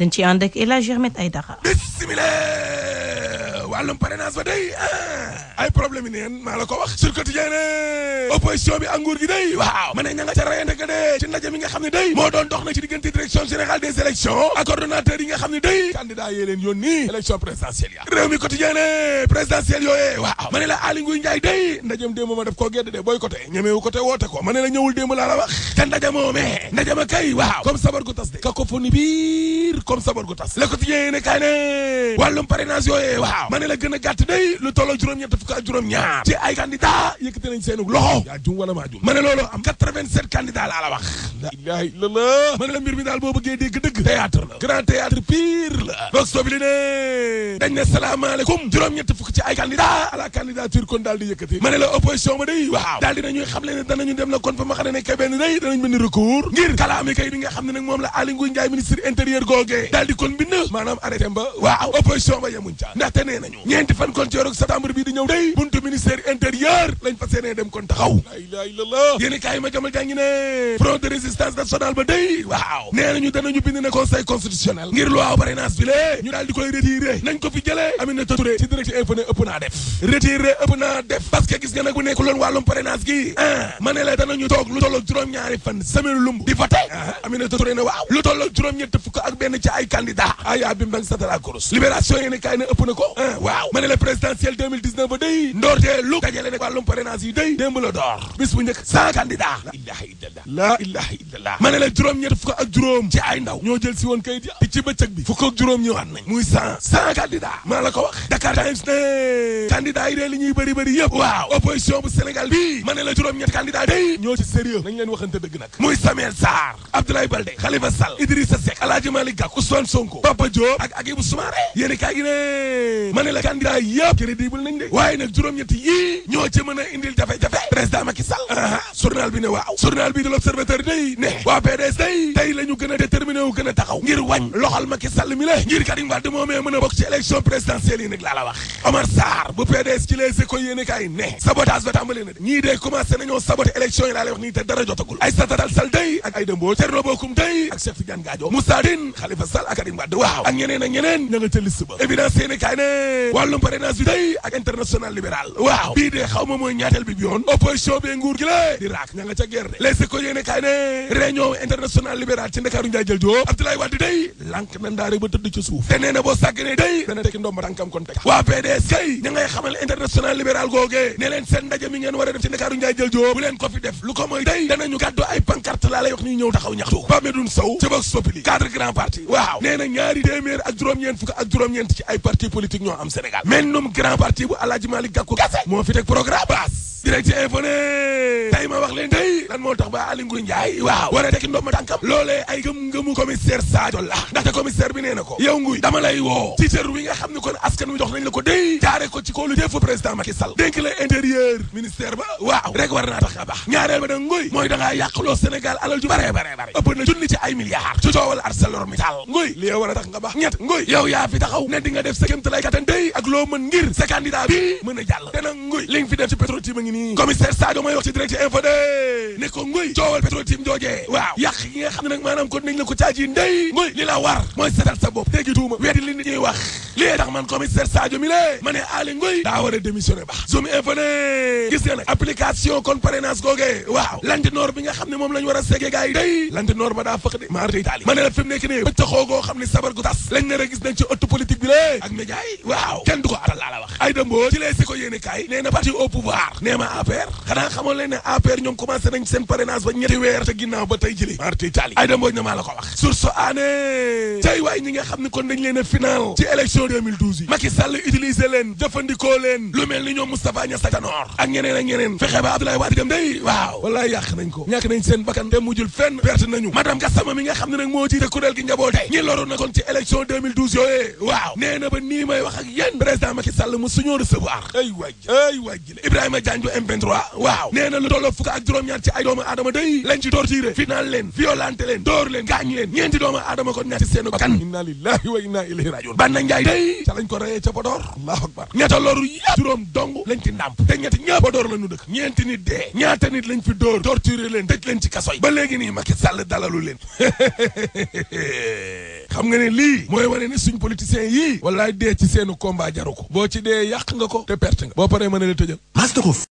دنتي عندك الى جيرميت ايدغا بسم الله wàllum parrainage ba day ah. ay problème yi neen maa la ko wax sur quotidien opposition bi ak nguur gi day waaw ma ne ña nga ka dee ci ndaje mi xam ne day moo doon dox na ci diggante direction générale des élections ak coordonnateur yi xam ne day candidat yee leen yónni élection présidentielle ya réew mi quotidien présidentielle yooyee waaw ma la Aly Ngouille Ndiaye day ndajem démb ma def koo gedd de boycotté ñemewu ko te woote ko ma la ñëwul démb laa la la gën a gàtt day lu tolloo juróom-ñett fukk ak juróom-ñaar ci ay candidat yëkkati nañ seenu loxo yaa jum wala maa jum ma ne loolu am 87 candidat laa la wax la ilaha illallah ma ne la mbir mi daal boo bëggee dégg dëgg la grand théâtre pire la vox populi ne dañ ne salaamaaleykum juróom-ñett fukk ci ay candidat à la candidature kon daal di yëkkati ma ne la opposition ba day waaw daal dinañuy na kon fa xam ne ne kay benn moom la Aly Ngouille Ndiaye kon bind maanaam arrêté ba waaw opposition ba nanu ñeenti fan kon ci weeru septembre bii di ñëw day buntu ministère intérieur lañ fas yéene dem kon taxaw la ilaha illallah yéen kaay ma jamal jàngi ne front de résistance ñu daal di koy retiré nañ ko fi jëlee Aminata Touré ci direct info ne ëpp naa def retiré ëpp naa def parce que gis nga nag bu nekku loon wàllum parrainage gi ah ma ne la toog lu tolloog juróom-ñaari fan semaine lumb di voté ah, Aminata Touré ne waaw lu tolloog juróom-ñett fukk ak benn ci ay candidat ayaa bi mbang satara waaw ma ne la présidentielle ba day ndoortee lu dajale nag wàllum parrainage yi day démb door bis bu njëkk cent candidats la ilaha illallah la ilaha juróom-ñett fukk ak juróom ci ay ndaw ñoo jël si woon kayit ya bëccëg bi fukk ak juróom ñëwaat muy cent cent candidats maa la ko wax Dakar Times ne candidats yi dee li ñuy bëri bëri yëpp waaw opposition bu Sénégal bi ma la juróom-ñett candidats day ñoo ci sérieux nañ leen waxante dëgg nag muy ne la candidat yëpp crédible nañ de waaye nag juróom-ñett yii ñoo ci mën a indil jafe-jafe président Macky Sall journal bi ne waaw journal bi de l'observateur day ne waa PDS day tey la gën a déterminé gën a taxaw ngir wàñ loxal Macky Sall mi la ngir Karim Wade moomee mën a bokk ci élection présidentielle yi nag laa la wax Omar Sarr bu PDS ci les écoles yéene kaay ne sabotage ba tàmbali na de ñii dee commencé nañoo saboté élection yi wàllum parrainage bi day ak international libéral waaw bii de xaw ma mooy ñaateel bi bi yoon opposition bi waa PDS kay ña ngay xamal international libéral googee ne leen seen ndaje mi ngeen war a def ci Ndakaaru Ndiaye jël leen ko fi def lu ko mooy day danañu gàddu ay pancarte laa lay wax ñuy ñëw taxaw ñaxtu Bamedun Sow ci Vox Populi cadre grand parti waaw nee ñaari téeméer ak juróom-ñeent fukk ak juróom-ñeent ci ay parti politique ñoo am am Sénégal mennum grand parti bu Alaaji Malick Gakou kese moo fi teg programme bas direct info ne tey ma wax leen tey lan moo tax ba Aly Ngouille Ndiaye waaw war a tekki ndomba tànkam loolee ay gëm-ngëmu commissaire Sadio la ndaxte commissaire bi nee yow nguy dama lay woo ci cër wi nga xam kon askan wi jox nañ la ko déy jaare ko ci koolu jëfu président Macky Sall dénk la intérieur ministère ba waaw rek war naa tax nga baax ñaareel ba da nguy mooy da ngaa yàqloo Sénégal alal ju bare bare bare ëpp na junni ci ay milliards ci coowal ArcelorMittal nguy li war a tax nga baax ñett nguy yow yaa fi taxaw ne di nga def sa kémtalay kattan loo mën ngir sa candidat bi mën a jàll te nag nguy li fi def ci pétrole tim a ngi nii commissaire Sadio may wax ci direct info de ne ko nguy coowal pétrole tim joojee waaw yàq yi nga xam ne nag maanaam ko nañ la ko caaji ndey nguy li la war mooy setal sa bopp tegi tuuma weedi li nit ñuy wax lii tax man commissaire Sadio mi lee ma ne Aly Ngoye daa war a démissionné baax zoom info ne gis nga nag application kon parrainage googee waaw lantinoor bi nga xam ne moom la ñu war a seggee gars yi day lantinoor daa fëq de maar day taali ma ne la fi mu nekk nii bëccëxoo goo xam ne sabar gu tas lañ ne a gis ci ëtt politique lee ak média yi waaw kenn du Aïda ci les ko yéene kaay nee parti au pouvoir nee ma xanaa xamoon leen ne ñoom commencé nañ seen parrainage ba ñetti weer te ginnaaw ba tey jëlee marti Italie Aïda Mbodj na maa ko wax source aané tey waay ñi nga xam ne kon dañ leen a ci élection 2012 yi leen jëfandikoo leen lu mel ni ñoom Moustapha Niass Tanor ak ñeneen ak ñeneen fexe ba Abdoulaye Wade dem day waaw wallaay yàq nañ ko ñàkk nañ seen bakkan te mujjul fenn perte nañu mësuñoo recevoir ay waay ay waay jile Ibrahima Diagne bu M23 waaw nee lu tolloo fukk ak juróom-ñaar ay doomu aadama day lañ ci torturé final leen violenté leen dóor gaañ leen ñeenti doomu aadama ko ñetti seen bakkan inna lillahi wa inna ilayhi rajiun Banna Njaay day ca lañ ko reyee ca Podor allahu akbar ñetta loru yëpp juróom dong lañ ci ndàmp te ñetti ñëpp door la ñu dëkk ñeenti nit dee ñaata nit lañ fi door torturer leen tëj leen ci kaso ba léegi nii Macky Sall dalalu leen xam nga ne lii mooy wane ni suñ politiciens yii wallaay dee ci seenu combat jaru ko boo ci dee yàq nga ko te perte nga boo paree mën a la tëjal